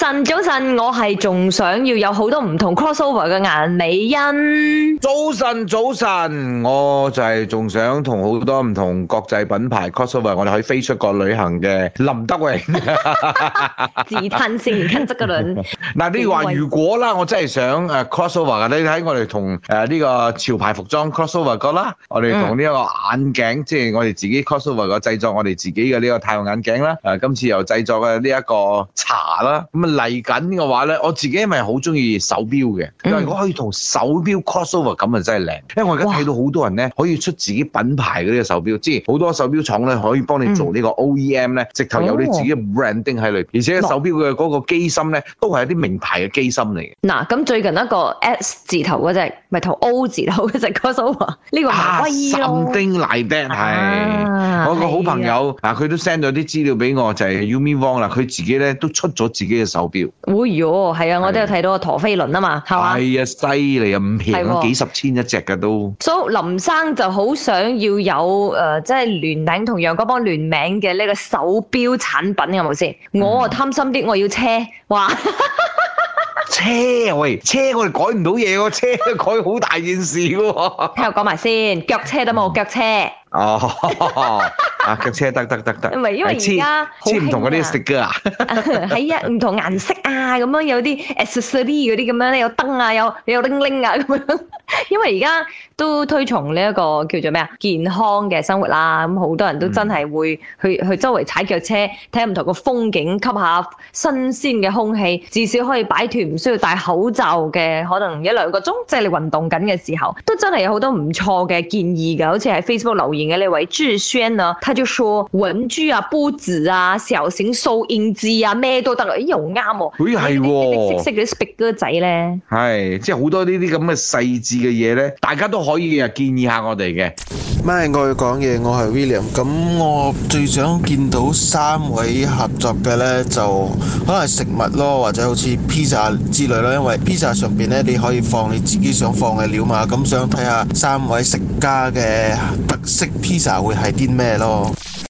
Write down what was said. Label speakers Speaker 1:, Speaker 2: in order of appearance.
Speaker 1: 早晨早晨，我係仲想要有好多唔同 crossover 嘅顏美音。
Speaker 2: 早晨早晨，我就係仲想同好多唔同國際品牌 crossover，我哋可以飛出國旅行嘅林德榮。自噴
Speaker 1: 先，跟足個輪。嗱， 你話如
Speaker 2: 果啦，我真係想誒 crossover 嘅，你睇我哋同誒呢個潮牌服裝 crossover 個啦，我哋同呢一個眼鏡，即係、mm. 我哋自己 crossover 嘅製作，我哋自己嘅呢個太陽眼鏡啦。誒，今次又製作嘅呢一個茶啦，咁嚟緊嘅話咧，我自己因為好中意手錶嘅。因、嗯、如我可以同手錶 crossover 咁啊，真係靚。因為我而家睇到好多人咧，哇可以出自己品牌嗰啲手錶，即係好多手錶廠咧可以幫你做個呢個 OEM 咧，嗯、直頭有你自己嘅 branding 喺裏邊，哦、而且手錶嘅嗰個機芯咧都係一啲名牌嘅機芯嚟嘅。
Speaker 1: 嗱，咁最近一個 S 字頭嗰隻，咪同 O 字頭嗰隻 crossover 呢個？啊，神
Speaker 2: 丁奶 b 係。朋友啊，佢都 send 咗啲資料俾我，就係、是、UmiOne 啦。佢自己咧都出咗自己嘅手錶。
Speaker 1: 哎呦，係啊，我都有睇到個的陀飛輪啊嘛，係啊，
Speaker 2: 犀利啊，唔平啊，的幾十千一隻噶都。蘇、
Speaker 1: so, 林生就好想要有誒、呃，即係聯名同楊國邦聯名嘅呢個手錶產品，係咪先？我啊貪心啲，嗯、我要車，哇！
Speaker 2: 車喂，車我哋改唔到嘢喎，車改好大件事噶喎。
Speaker 1: 聽 我講埋先，腳車得冇腳車？
Speaker 2: 哦，啊腳車得得得得，唔係因為而家好似唔同啲 sticker 啊，
Speaker 1: 係 啊， 唔同顏色啊咁樣有啲 accessory 啲咁樣咧，有燈啊，有有鈴鈴,鈴啊咁樣，因為而家都推崇呢、這、一個叫做咩啊，健康嘅生活啦，咁好多人都真係會去、嗯、去周圍踩腳車，睇下唔同個風景，吸下新鮮嘅空氣，至少可以擺脱唔需要戴口罩嘅可能一兩個鐘即係、就是、你運動緊嘅時候，都真係有好多唔錯嘅建議，嘅，好似喺 Facebook 留。嘅呢位志軒呢，他就說文具啊、簿子啊、小型收音機啊，咩都得啦，咦又啱喎，佢係
Speaker 2: 喎識識
Speaker 1: 啲 s p e a 仔咧，
Speaker 2: 係即係好多呢啲咁嘅細緻嘅嘢咧，大家都可以啊建議下我哋嘅。咩我要講嘢，我係 William，咁我最想見到三位合作嘅咧，就可能食物咯，或者好似披 i 之類啦，因為披 i 上邊咧你可以放你自己想放嘅料嘛，咁想睇下三位食家嘅特色。披薩會係啲咩咯？